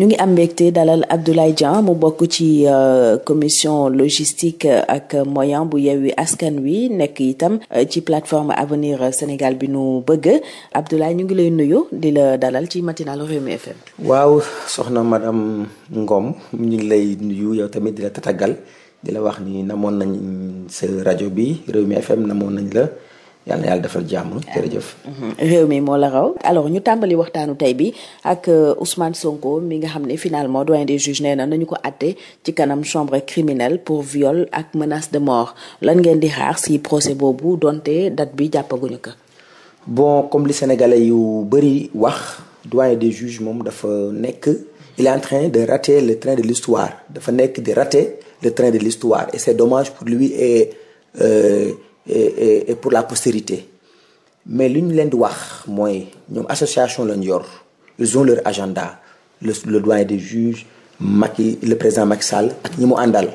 ñu ngi am mbégte dalal Abdoulaye Dieng mu bokk ci euh, commission logistique euh, ak moyen bu Yewwi Askan Wi nekk itam euh, ci plateforme avenir Sénégal bi nu bëgg Abdoulaye ñu ngi lay nuyu di la dalal ci matinalu Rewmi FM. waaw soxna madame ngoom ñu ngi lay nuyu yow tamit di la tatagal di la wax ni namoon nañ sa rajo bi réew mi FM namoon nañ la. yàlla yàlla defal jàmm jërëjëf mhm. réew mi moo la raw alors ñu tàmbali waxtaanu tey bi ak euh, Ousmane Sonko mi nga xam ne finalement doyen des juges nee na nañu ko àtte ci kanam chambre criminelle pour viol ak menace de mort lan ngeen di xaar si procès boobu donte date bi jàppaguñu ko bon comme li sénégalais yu bëri wax doyen de juges moom dafa nekk il est en train de rater le train de l'histoire dafa nekk di rater le train de l'histoire et c'est dommage pour lui et euh, et, pour la postérité mais li ñu leen di wax mooy ñoom association lañ yor ils ont leur agenda le le doyen des juges Macky le président Macky Sall ak ñi mu àndal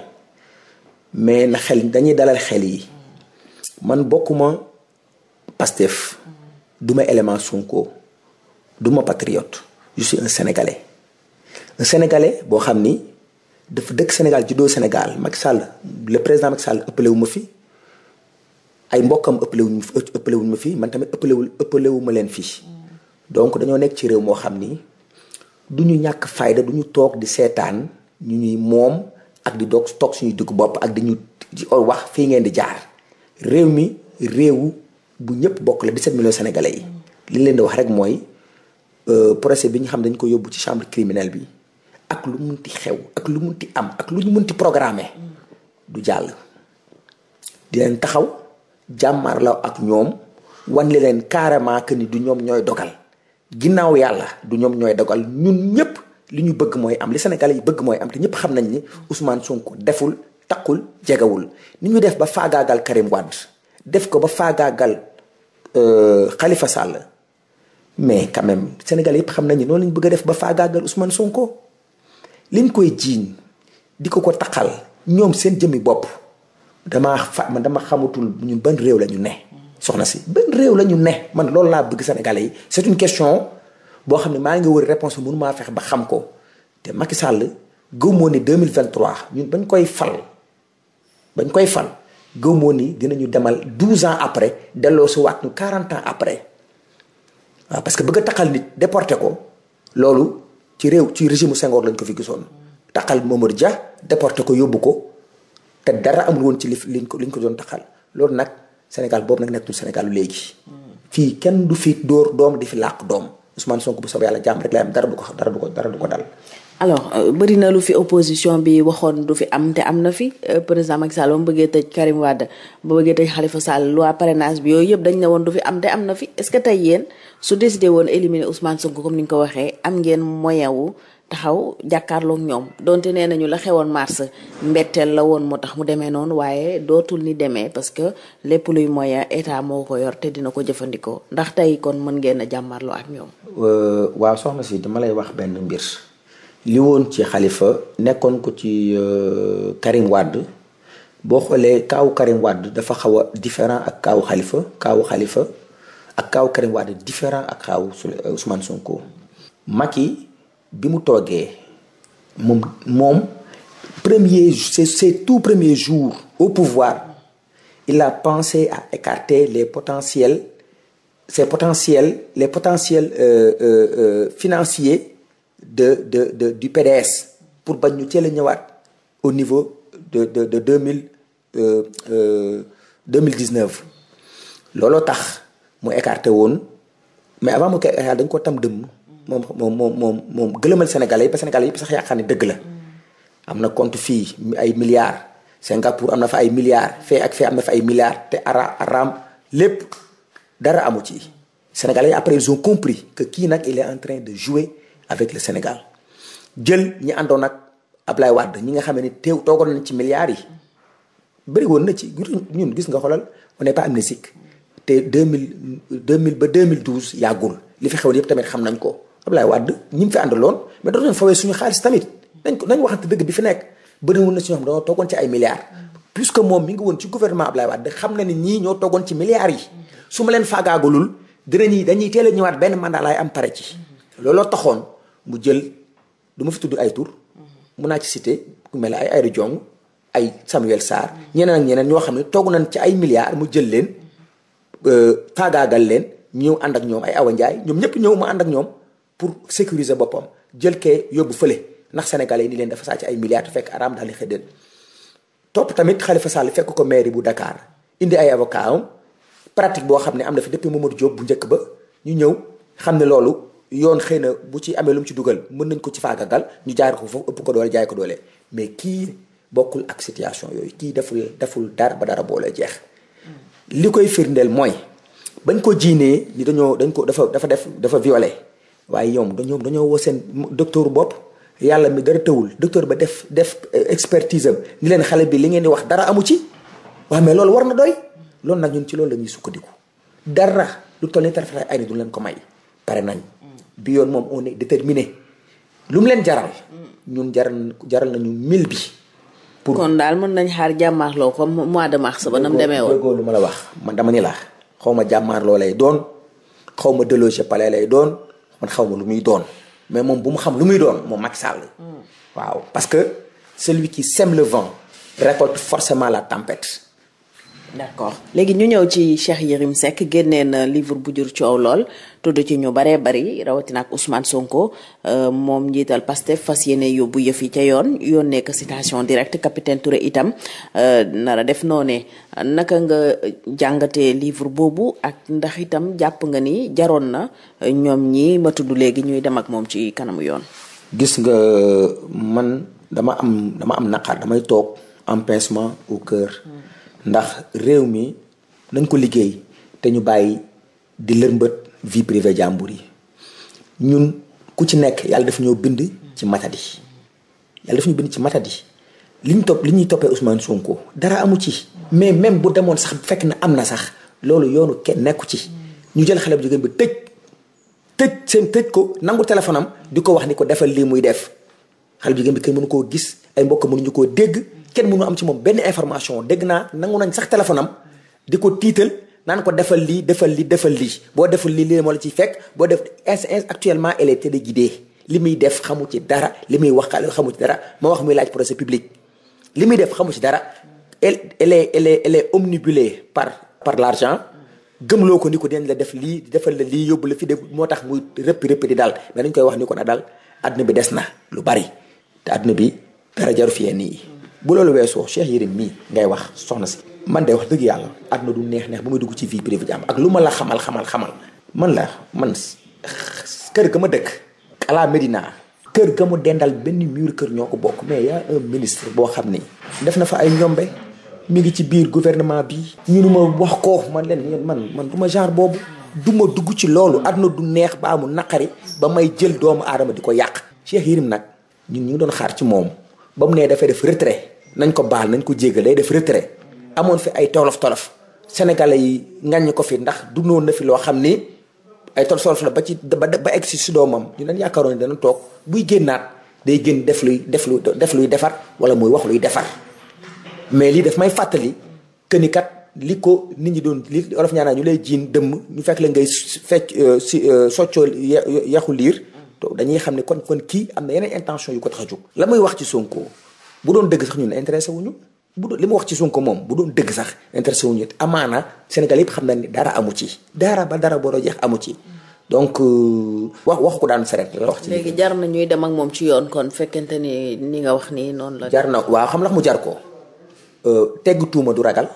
mais na xel dañuy dalal xel yi man bokkuma Pastef duma élément Sonko duma patriote je suis un sénégalais un sénégalais boo xam ni dafa dëkk Sénégal juddoo Sénégal Macky Sall le président Macky Sall ëppale wu ma fi. ay mbokkam ëppale wuñ ëppale wuñ ma fii man tamit ëppalewul ëppalewu ma leen fii donc dañoo nekk ci réew moo xam ni duñu ñàkk fayda du ñu toog di seetaan ñu ñuy moom ak di doog toog suñuy dugg bopp ak di ñu wax fii ngeen di jaar réew mi réew bu ñëpp bokk la 17 millions sénégalais yi li leen di wax rek mooy euh, proce bi ñu xam dañ ko yóbbu ci chambre criminelle bi ak lu mun munti xew ak lu mun munti am ak lu ñu munti programmer du jàll di leen taxaw jàmmarloo ak ñoom wan li leen carrément que ni du ñoom ñooy dogal ginnaaw yàlla du ñoom ñooy dogal ñun ñëpp li ñu bëgg mooy am li Sénégalais yi bëgg mooy am te ñëpp xam nañ ni Ousmane Sonko deful taqul jegewul ni ñu def ba faagaagal Karim Wade def ko ba faagaagal xalifa euh, Sall mais quand même Sénégalais xam nañ ni noonu lañu bëgg a def ba faagaagal Ousmane Sonko liñ koy jiiñ di ko ko taqal ñoom seen jëmmi bopp. damaa fa ma dama xamatul ñun ban réew la ñu ne. soxna si ban réew la ñu ne man loolu laa bëgg Sénégalais yi c'est une question boo xam ne maa ngi wër réponse mënu maa fex ba xam ko te Macky Sall gëw moo ni 2023 ñun bañ koy fal bañ koy fal gëw moo ni dinañu demal 12 ans après delloo si waat ñu 40 ans après waaw parce que bëgg a nit déporté ko loolu ci réew ci régime Senghor lañ ko fi gisoon taqal Mamadou Dia déporté ko yóbbu te dara amul woon ci li liñ ko liñ ko doon taxal loolu nag Sénégal boobu nag nekkatul Sénégal léegi. fii kenn du fii dóor doom di fi làq doom Ousmane Sonko bu soobee yàlla jàmm rek lay am ko dara ko dara ko dal. alors euh, bëri na lu fi opposition bi waxoon du fi am te am na fi euh, président Macky Sall ba mu bëggee tëj Karim Wade ba bëggee tëj Khalifa Sall loi parrainage bi yooyu yëpp dañ ne woon du fi am te am na fi est ce que tey yéen su décidé woon éliminer Ousmane Sonko comme ni nga ko waxee am ngeen moyen wu taxaw jàkkaarloog ñoom donte nee nañu la xewoon mars mbetteel la woon moo tax mu demee noonu waaye dootul ni demee parce que lépp luy moyen état moo ko yor te dina ko jëfandikoo ndax tey kon mën ngeen a jàmmarloo ak ñoom. Euh, waaw soxna si dama lay wax benn mbir li woon ci xalifa nekkoon ko ci euh, Karim wàdd boo xoolee kaawu Karim Wade dafa xaw a différent ak kaawu xalifa kaawu xalifa ak kaawu Karim Wade différent ak xaw su Sonko Macky bi mu toogee moom moom premier c'est c'est tout premier jour au pouvoir il a pensé à écarter les potentiels ces potentiels les potentiels euh, euh, euh de de de du PDS pour bañ ñu teel a ñëwaat au niveau de de de deux mille euh, euh, deux mille dix neuf. looloo tax mu écarter woon mais avant mu koy écarté dañ ko tam dëmm. moom moom moom moom moom gëlëmal Sénégalais yi ba Sénégalais yëpp sax yaakaar ne dëgg la. am na compte fii ay milliards. Singapour am na fa ay milliards fee ay milliards te ara aram lépp dara amu ci. Sénégalais yi après ils compris que kii nag il est en train de jouer avec le Sénégal jël ñi àndoon ak Ablaye Wade ñi nga xam ne teew toogoon nañ ci milliards yi. bëri woon na ci ñun gis nga xoolal on n'est pas amnésique te deux mille deux mille ba deux mille douze yàggul li fi xew yëpp tamit xam nañ ko. Abdoulaye Wade ñi mu fi àndaloon mais dootu suñu xaalis tamit nañ nañ waxante dëgg bi fi nekk bëri woon na ci ñoo toogoon ay milliards moom mi woon ci gouvernement Abdoulaye Wade xam na ni ñoo toogoon ci milliards yi su ma leen faagaagalul dañuy teel a ñëwaat benn mandat laay am pare ci looloo taxoon mu jël du ma fi tudd ay tur mun naa ci cité ku mel ay Aïda Diong ay Samuel Sarr ñeneen ak ñeneen ñoo xam ne toog nañ ci ay milliards mu jël leen euh, faagaagal leen ñëw ànd ak ñoom ay Awa Ndiaye ñoom ñëpp ñëw mu ànd ak ñoom pour sécuriser boppam jël ke yóbbu fële ndax sénégalais yi ni leen dafa sàcc ay milliards fekk araam daal di xëddeen topp tamit Khalifa Sall fekk ko mairie bu Dakar indi ay avocat am pratique boo xam ne am na fi depuis Mamadou Diop bu njëkk ba ñu ñëw xam ne loolu yoon xëy na bu ci amee lum ci dugal mën nañ ko ci faagagal ñu jaar ko foofu ëpp ko doole jaay ko doole mais kii bokkul ak situation yooyu kii deful deful dara ba dara boole jeex. li koy firndeel mooy bañ ko jiinee ni dañoo dañ ko dafa dafa def dafa violé. waaye ñoom dañoo dañoo woo seen docteur bopp yàlla mi dara tëwul docteur ba def def eh, expertise am ni leen xale bi li ngeen di wax dara amu ci waa mais loolu war na doy loolu nag ñun ci loolu la ñuy sukkandiku dara lu toll nii tarafetaay ay ko may pare nañ bi yoon moom on est déterminé lu mu leen jaral ñun jaral jaral nañu mil bi. pour kon daal mën nañ xaar jàmmaarloo comme mois de mars ba nam demee woon lu ma la wax man dama ni la xaw ma jàmmaarloo lay doon xaw ma délogé palais lay doon. man xaw ma lu muy doon mais moom bu mu xam lu muy doon moom Macky Sall hmm. waaw parce que celui qui sème le vent récolte forcément la tempête d'accord léegi ñu ñëw ci Cheikh Yérim sekk génnee na livre bu jur coow lool tudd ci ñu baree bari rawatina ak Ousmane Sonko euh, moom njiital Pastef fas yéene yóbbu yëf yi ca yoon yónnee ko directe capitaine Touré itam euh, nara def noone naka nga jàngate livre boobu ak ndax itam jàpp nga ni jaroon na ñoom ñi ma tudd léegi ñuy dem ak moom ci kanamu yoon. gis nga man dama am dama am naqar damay toog empêchement au cœur. Hmm. ndax réew mi nañ ko liggéey te ñu bàyyi di lërmbët vie privée jàmbur yi ñun ku ci nekk yàlla daf ñoo bind ci matadi yàlla daf ñu bind ci matadi li ñu topp li ñuy toppee Ousmane Sonko dara amu ci mais même bu demoon sax fekk na am na sax loolu yoonu kenn nekku ci ñu jël xale bu jigéen bi tëj tëj seen tëj ko nangu téléphone di ko wax ni ko defal lii muy def xale bu jigéen bi kenn mënu koo gis ay mbokk mënuñu koo dégg kenn nu am ci moom benn information dégg naa nangu nañ sax téléphone di ko tiital naan ko defal lii defal lii defal lii boo defal lii lii moo la ciy fekk boo def actuellement elle est téléguidée li muy def xamu ci dara li muy wax xamu ci dara ma wax muy laaj procès public li muy def xamu ci dara elle elle est elle est elle est omnibulée par par l'argent gëmloo ko ni ko den la def lii defal la lii yóbbu la fi de moo tax muy rëpp rëppi di daal mais nañ koy wax ni ko na daal àdduna bi des na lu bari te àdduna bi dara jaru fi bu loolu weesoo Cheikh Yérim mii ngay wax soxna si man de wax dëgg yàlla àdduna du neex neex ba muy dugg ci vie privée jàmm ak lu ma la xamal xamal xamal man la man kër ga ma dëkk à la kër ga mu dendal benn mur kër ñoo ko bokk mais y ministre boo xam ni def na fa ay ñombe mi ngi ci biir gouvernement bi ñu ma wax ko man leen man man du ma genre boobu du dugg ci loolu àdduna du neex baa mu naqari ba may jël doomu aadama di ko yàq Cheikh Yérim nag ñun ñu ngi doon xaar ci moom ba mu nee dafay def retrait nañ ko baal nañ ko jéggal day def retrait amoon fi ay tolof tolof sénégalais yi ngañ ko fi ndax dundoon na fi loo xam ni ay tolof tolof la ba ci ba egg si si doomam ñu leen yaakaaroon ne dana toog buy génnaat day génn def luy def luy def luy defar wala muy wax luy defar mais lii daf may fàttali que ni kat li ko nit ñi doon li olof ñaanaa ñu lay jiin dëmm ñu fekk la ngay fecc euh, si euh, soccoo yaxu liir dañuy xam ne kon kon kii am na yeneen intention yu ko tax a jóg la muy wax ci Sonko bu doon dëgg sax ñun intéressé wuñu bu doon li mu wax ci Sonko moom bu doon dëgg sax wu ñu wuñu amaana Sénégal yëpp xam na ni dara amu ci dara ba dara booroo jeex amu ci donc euh, wax wax ko daan seret la ci léegi jar na ñuy dem ak moom ci yoon kon fekkente ni ni nga wax nii noonu la. jar na waaw xam lax mu jar ko euh, tegg tuuma du ragal.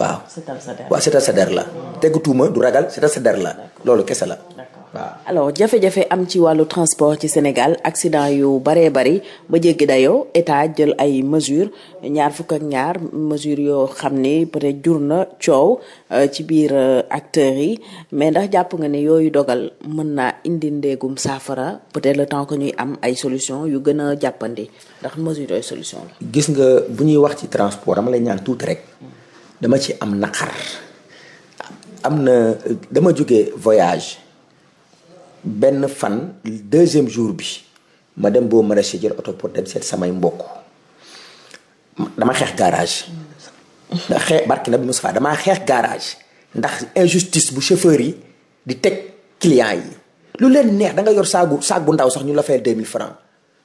waaw setal sa der waaw setal sa der la. tegg tuuma du ragal setal sa der la. loolu kese la. waaw alors jafe-jafe am ci wàllu transport ci Sénégal accident yu baree bari ba jéggi dayoo état jël ay mesures ñaar fukk ak ñaar mesures yoo xam ni peut-être jur na coow euh, ci biir euh, acteurs yi mais ndax jàpp nga ne yooyu dogal mën naa indi ndéegum saafara peut-être le temps que ñuy am ay solution yu gën a jàppandi ndax mesures yooyu solution la. gis nga bu ñuy wax ci transport dama lay ñaan tuuti rek dama ci am naqar am na dama jóge voyage. benn fan deuxième jour bi ma dem boo mën a jël oto pour dem seet samay mbokk xeex garage. ndax xeex barki na damaa xeex garage ndax injustice bu chauffeur yi di teg client yi. lu leen neex da nga yor saagu saag bu ndaw sax ñu la fayal 2000 francs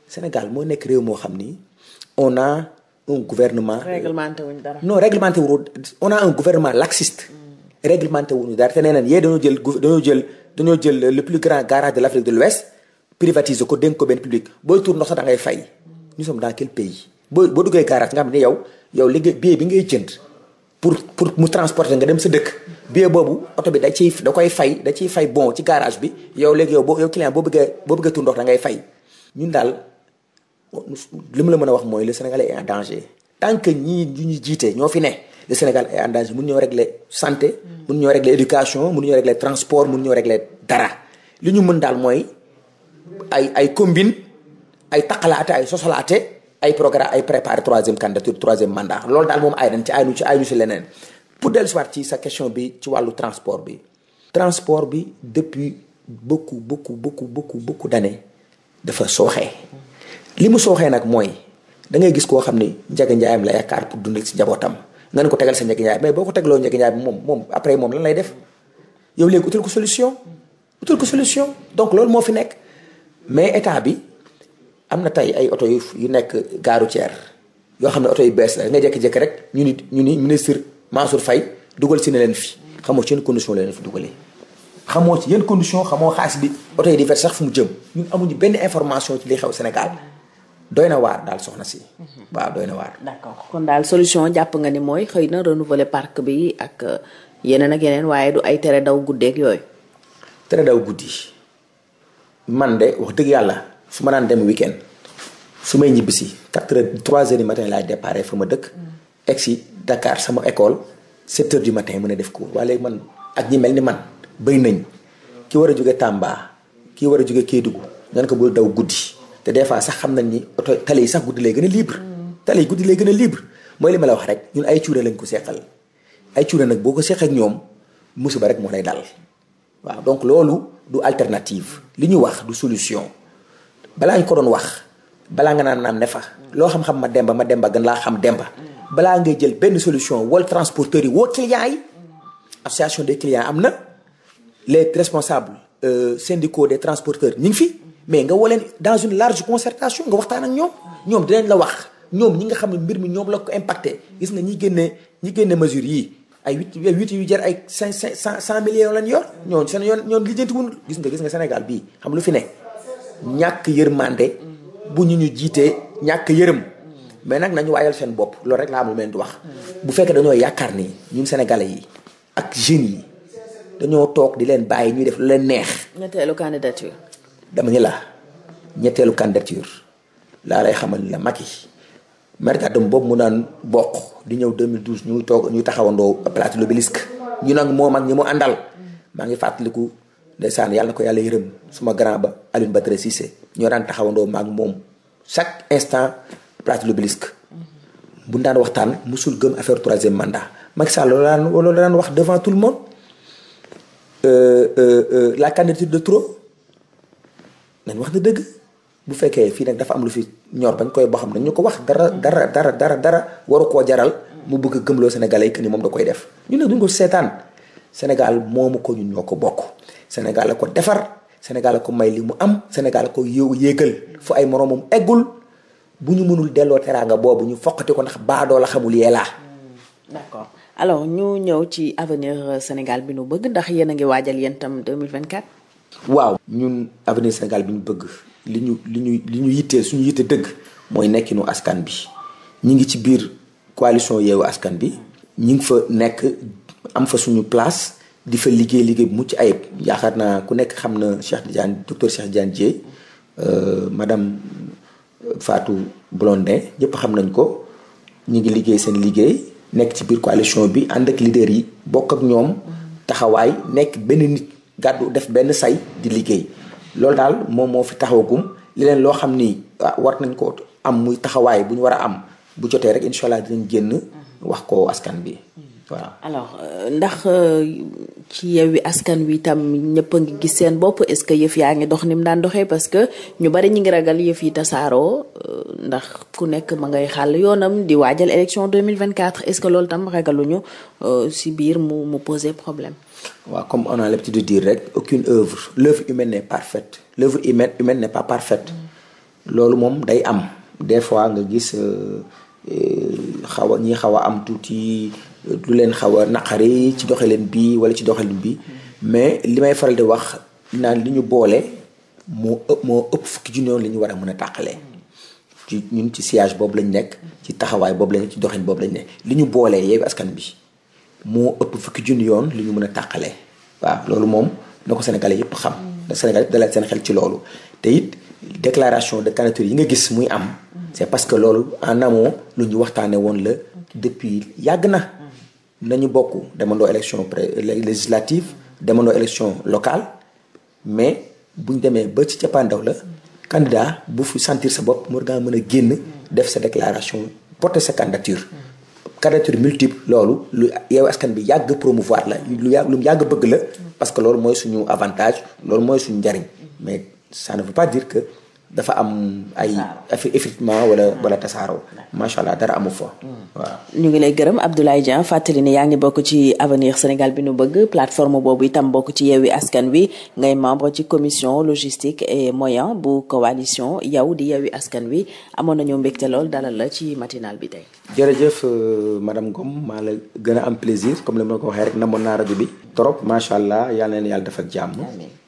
Sénégal moo nekk réew moo xam ni on a un gouvernement. réglementé wuñ dara non réglementé wu on a un gouvernement laxiste. réglementé wuñu dara te nee nañ yee dañoo jël dañoo jël dañoo jël le plus grand garage de l' Afrique de l'Ouest privatiser ko dénk ko benn public booy tuur ndox sax da ngay fay nous sommes dans quel pays boo boo duggee garage nga xam ne yow yow li bi ngay jënd pour pour mu transporter nga dem sa dëkk billet boobu oto bi da ciy da koy fay da ciy fay bon ci garage bi yow léegi boo yow boo bëggee boo bëggee da ngay fay ñun daal li mu la mën a wax mooy le Sénégalais est en danger tant que ñii ñu ñu jiite ñoo fi ne le Sénégal est en danger mun ñoo régler santé. mun ñoo régler éducation mun ñoo régler transport mun ñoo régler dara li ñu mën daal mooy ay ay combine ay taqalaate ay sosolaate ay programme ay préparer troisième candidature troisième mandat loolu daal moom ay dañ ci ay ñu ci ay ñu ci leneen. pour dellu si waat ci sa question bi ci wàllu transport bi. transport bi depuis beaucoup beaucoup beaucoup beaucoup dafa sooxee li mu sooxee nag mooy da gis koo xam ni njëg njaayam la yaakaar pour dund si njabootam. nan ko tegal sa njëkk ñaay mais boo ko tegloo njëkk ñaay bi moom moom après moom lan lay def yow léegi utal ko solution utal ko solution donc loolu moo fi nekk mais état bi am na tey ay oto yu yu nekk gaaru routière yoo xam ne oto yu bees la nga jékki-jékki rek ñu ni ñu ni ministre Mansour fay dugal si ne leen fi xamoo ci yenn condition la leen fi dugalee xamoo ci yenn condition xamoo xaalis bi oto yi di verse sax fu mu jëm ñun amuñu benn information ci li xew Sénégal doy na waar daal soxna si. waaw doy na waar. d'accord kon daal solution jàpp nga ni mooy xëy na renouveler parc bi ak euh, yeneen ak yeneen waaye du ay tere daw guddeeg yooyu. tere daw guddi man de wax dëgg yàlla su ma daan dem weekend su may ñibbisi quatre heures trois heures du matin laay départ fa ma dëkk. egg si Dakar sama école sept heures du matin mën a def cours waaye léegi man ak ñi mel ni man bëri nañ ki war a jóge Tamba ki war a jóge Kédougou nga ko bul daw guddi. te des fois sax xam nañ ni oto tali yi sax guddi lay gën a libre tali guddi lay gën a libre mooy li ma la wax rek ñun ay cuune lañ ko seqal ay cuune nag boo ko seq ak ñoom musiba rek moo lay dal waaw donc loolu du alternative li ñu wax du solution balaa ñu ko doon wax balaa nga naan naan ne fa loo xam-xam ma demba ma demba gën laa xam demba balaa ngay jël benn solution wal transporteurs yi woo clients yi association de clients am na les responsables euh, syndicaux des transporteurs ñu ngi fi mais nga waleen dans une large concertation nga waxtaan ak ñoom ñoom dinañ la wax ñoom ñi nga xam ne mbir mi ñoom la ko impacté gis nga ñi génne ñi génne mesure yi ay huit huit yu jar ay cinq cent cent millions lañ yor ñoon seen yoon ñoon lijjanti wun gis nga gis nga Sénégal bii xam lu fi ne ñàkk yërmande bu ñu ñu jiitee ñàkk yërëm mais nag nañu waayal seen bopp loolu rek laa am leen di wax bu fekkee dañoo yaakaar ni ñun sénégalais yi ak jeunes yi dañoo toog di leen bàyyi ñuy def lu leen neex ñetteelu candidature dama ni la ñetteelu candidature laa lay xamal ni la Macky mercatum boobu mu naan bokk di ñëw 2012 taxawandoo place de l'Obélisque ñu nag moom ak ñi mu àndal maa ngi fàttaliku ndeysaan yàlla na ko yàlla yërëm suma grand ba Alioune Badara Cissé ñoo daan taxawandoo maag moom chaque instant place de l'Obélisque bu ñu daan waxtaan musul gëm affaire troisième mandat Macky Sall loolu daan loolu daan wax devant tout le monde euh, euh, euh, la candidature de trop nañ wax na dëgg bu fekkee fii nag dafa am lu fi ñor bañ koy boo xam nañ ñu ko wax dara dara dara dara dara waru koo jaral mu bëgg a gëmloo Sénégalais yi que ni moom da koy def ñu ne duñ ko seetaan Sénégal moomu ko ñun ñoo ko bokk Sénégal la ko defar Sénégal la ko may li mu am Sénégal la ko yéw yéegal fu ay moroomam eggul bu ñu mënul delloo teraanga boobu ñu foqati ko ndax baadoo la xamul yeelaa hmm, d'accord alors ñu ñëw ci avenir euh, Sénégal bi nu bëgg ndax yéen a ngi waajal waaw ñun avenir Sénégal bi ñu bëgg li ñu li ñu li ñu yittee suñu yitte dëgg mooy nekkinu askan bi ñu ngi ci biir coalition yeewu askan bi ñu ngi fa nekk am fa suñu place di fa liggéey liggéey bu mucc ayib yaakaar naa ku nekk xam na Cheikh Tidiane docteur Cheikh Tidiane Dièye euh, madame euh, faatu Blondin ñëpp xam nañ ko ñu ngi liggéey seen liggéey nekk ci biir coalition bi ànd ak leader yi bokk ak ñoom taxawaay nekk benn nit gàddu def benn say di liggéey loolu daal moom moo fi taxawagum leen loo xam ni ah, war nañ ko am muy taxawaay bu ñu war a am bu jotee rek incha di dinañ génn wax ko askan bi voilà. alors euh, ndax euh, ci Yewwi Askan Wi itam ñëpp a ngi gis seen bopp est-ce que yëf yaa ngi dox ni mu daan doxee parce que ñu bari ñu ngi ragal yëf yi tasaaroo euh, ndax ku nekk ma ngay xàll yoonam di waajal élection 2024 est-ce que loolu tam ragaluñu si biir mu mu poser problème. waaw comme on a l'habitude de diir rek aucune œuvre l'œuvre humaine n'est parfaite l'œuvre humaine humaine n'est pas parfaite loolu moom day am des fois nga gis euh, euh, xaw a ñi xaw a am tuuti lu leen xaw a naqari ci doxalin bi wala ci doxalin bi mais li may faral di wax naan li ñu boole moo ëpp moo ëpp fukki junni yoon li ñu war a mën a tàqalee ci ñun ci siège boobu lañ nekk ci taxawaay boobu lañ nekk ci doxalin boobu lañ nekk li ñu boolee yeewu askan bi moo ëpp fukki junni yoon li ñu mën a tàqalee waaw loolu moom na ko Sénégalais yëpp xam. na Sénégal dalal seen xel ci loolu te it de candidature yi nga gis muy am. c'est parce que loolu en amont lu ñu waxtaanee woon la depuis yàgg na. nañu bokk demandoo élection pré législative demandoo élection locale mais bu ñu demee ba ci cappaandaw la candidat bu fi sentir sa bopp war ngaa mën a génn def sa déclaration porter sa candidature. candidature multiple loolu lu yow askan bi yàgg promouvoir la lu yàgg lu mu yàgg bëgg la parce que loolu mooy suñu avantage loolu mooy suñu njariñ mais ça ne veut pas dire que dafa am ay effritement wala wala tasaaroo macha allah dara amul fa mm. waaw ñu ngi lay gërëm Abdoulaye Dieng fàttali ne yaa ngi bokk ci avenir Sénégal bi nu bëgg plateforme boobu itam bokk ci Yewwi Askan Wi ngay membre ci commission logistique et moyen bu coalition yow di Yewwi Askan Wi amoon nañu mbégte lool dalal la ci matinal bi tey jërëjëf euh, madame gom maa la gën a am plaisir comme li moo ko waxee na namoon naa rajo bi trop macha allah yàlla na leen yàlla def ak jàmm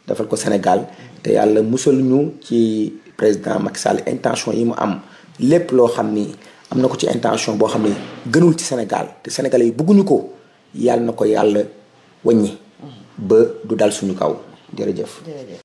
defal ko Sénégal te yàlla musal ñu ci président Macky Sall intention yi mu am lépp loo xam ni am na ko ci intention boo xam ne gënul ci Sénégal te sénégal yi bëgguñu ko yàlla na ko yàlla wàññi mm-hmm. ba du dal suñu kaw jërëjëf.